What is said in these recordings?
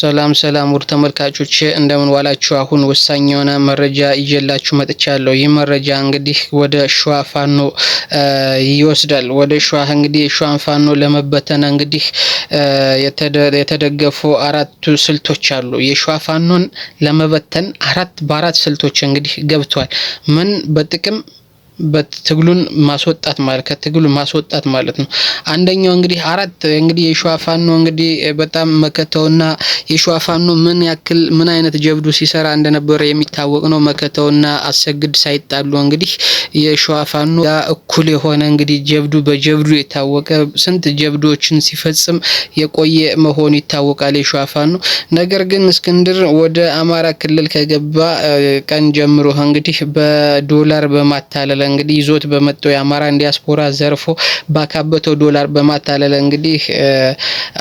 ሰላም ሰላም ውድ ተመልካቾች እንደምን ዋላችሁ። አሁን ወሳኝ የሆነ መረጃ ይዤላችሁ መጥቻለሁ። ይህ መረጃ እንግዲህ ወደ ሸዋ ፋኖ ይወስዳል። ወደ ሸዋ እንግዲህ የሸዋን ፋኖ ለመበተን እንግዲህ የተደገፉ አራቱ ስልቶች አሉ። የሸዋ ፋኖን ለመበተን አራት በአራት ስልቶች እንግዲህ ገብቷል። ምን በጥቅም በትግሉን ማስወጣት ማለት ከትግሉ ማስወጣት ማለት ነው። አንደኛው እንግዲህ አራት እንግዲህ የሸዋ ፋኖ እንግዲህ በጣም መከተውና የሸዋ ፋኖ ምን ያክል ምን አይነት ጀብዱ ሲሰራ እንደነበረ የሚታወቅ ነው። መከተውና አሰግድ ሳይጣሉ እንግዲህ የሸዋ ፋኖ እኩል የሆነ እንግዲህ ጀብዱ በጀብዱ የታወቀ ስንት ጀብዶችን ሲፈጽም የቆየ መሆኑ ይታወቃል የሸዋ ፋኖ። ነገር ግን እስክንድር ወደ አማራ ክልል ከገባ ቀን ጀምሮ እንግዲህ በዶላር በማታለል እንግዲህ ይዞት በመጣው የአማራን ዲያስፖራ ዘርፎ ባካበተው ዶላር በማታለል እንግዲህ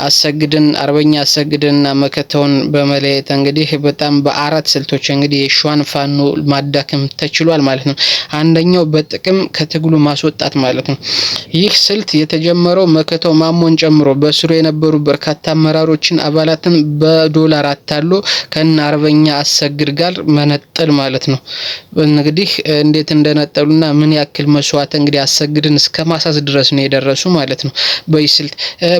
አሰግድን አርበኛ አሰግድንና መከተውን በመለየት እንግዲህ በጣም በአራት ስልቶች እንግዲህ የሸዋን ፋኖ ማዳከም ተችሏል ማለት ነው። አንደኛው በጥቅም ከትግሉ ማስወጣት ማለት ነው። ይህ ስልት የተጀመረው መከቶ ማሞን ጨምሮ በስሩ የነበሩ በርካታ አመራሮችን አባላትን በዶላር አታሎ ከነ አርበኛ አሰግድ ጋር መነጠል ማለት ነው። እንግዲህ እንዴት እንደነጠሉና ምን ያክል መስዋዕት እንግዲህ አሰግድን እስከ ማሳዝ ድረስ ነው የደረሱ ማለት ነው በይ ስልት።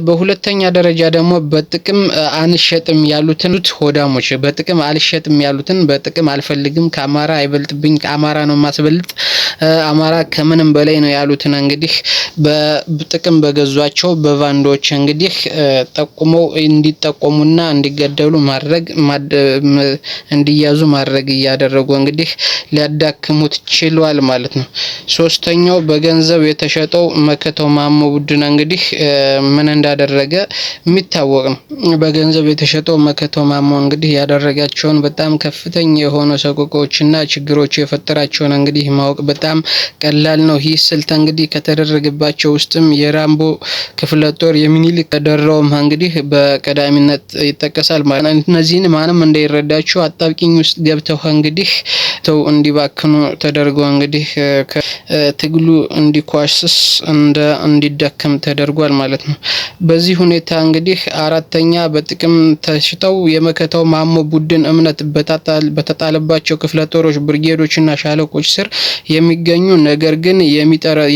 በሁለተኛ ደረጃ ደግሞ በጥቅም አንሸጥም ያሉትን ሆዳሞች በጥቅም አልሸጥም ያሉትን በጥቅም አልፈልግም፣ ከአማራ አይበልጥብኝ፣ ከአማራ ነው ማስበልጥ አማራ ከምንም በላይ ነው ያሉትን እንግዲህ በጥቅም በገዟቸው በቫንዶች እንግዲህ ጠቁመው እንዲጠቆሙና እንዲገደሉ ማድረግ እንዲያዙ ማድረግ እያደረጉ እንግዲህ ሊያዳክሙት ችሏል ማለት ነው። ሶስተኛው በገንዘብ የተሸጠው መከተው ማሞ ቡድን እንግዲህ ምን እንዳደረገ የሚታወቅ ነው። በገንዘብ የተሸጠው መከተው ማሞ እንግዲህ ያደረጋቸውን በጣም ከፍተኛ የሆኑ ሰቆቃዎችና ችግሮች የፈጠራቸውን እንግዲህ ማወቅ በጣም በጣም ቀላል ነው። ይህ ስልት እንግዲህ ከተደረገባቸው ውስጥም የራምቦ ክፍለ ጦር የሚኒሊክ ተደራውም እንግዲህ በቀዳሚነት ይጠቀሳል ማለት ነው። እነዚህን ማንም እንዳይረዳቸው አጣብቂኝ ውስጥ ገብተው እንግዲህ ተገፍተው እንዲባክኑ ተደርጎ እንግዲህ ትግሉ እንዲኳስስ እንደ እንዲደከም ተደርጓል ማለት ነው። በዚህ ሁኔታ እንግዲህ አራተኛ በጥቅም ተሽጠው የመከተው ማሞ ቡድን እምነት በተጣለባቸው ክፍለ ጦሮች፣ ብርጌዶችና ሻለቆች ስር የሚገኙ ነገር ግን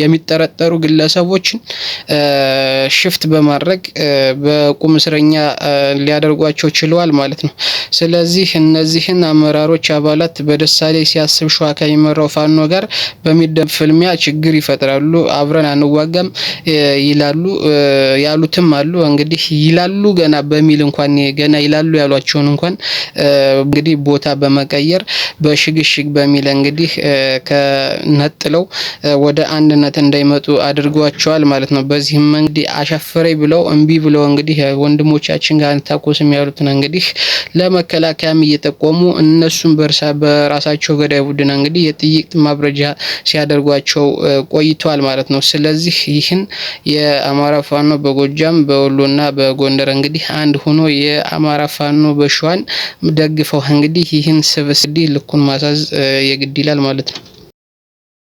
የሚጠረጠሩ ግለሰቦችን ሽፍት በማድረግ በቁም እስረኛ ሊያደርጓቸው ችለዋል ማለት ነው። ስለዚህ እነዚህን አመራሮች አባላት በደሳሌ ሲያስብ ሸዋ ከሚመራው ፋኖ ጋር በሚደብ ፍልሚያ ችግር ይፈጥራሉ። አብረን አንዋጋም ይላሉ ያሉትም አሉ። እንግዲህ ይላሉ ገና በሚል እንኳን ገና ይላሉ ያሏቸውን እንኳን እንግዲህ ቦታ በመቀየር በሽግሽግ በሚል እንግዲህ ከነጥለው ወደ አንድነት እንዳይመጡ አድርጓቸዋል ማለት ነው። በዚህም እንግዲህ አሻፈረኝ ብለው እምቢ ብለው እንግዲህ ወንድሞቻችን ጋር አንታኮስም ያሉትን እንግዲህ ለመከላከያም እየጠቆሙ እነሱም በእርሳ በራሳቸው ያላቸው ገዳይ ቡድን እንግዲህ የጥይቅ ማብረጃ ሲያደርጓቸው ቆይተዋል ማለት ነው። ስለዚህ ይህን የአማራ ፋኖ በጎጃም በወሎና በጎንደር እንግዲህ አንድ ሆኖ የአማራ ፋኖ በሸዋን ደግፈው እንግዲህ ይህን ስብስብ ልኩን ማሳዝ የግድ ይላል ማለት ነው።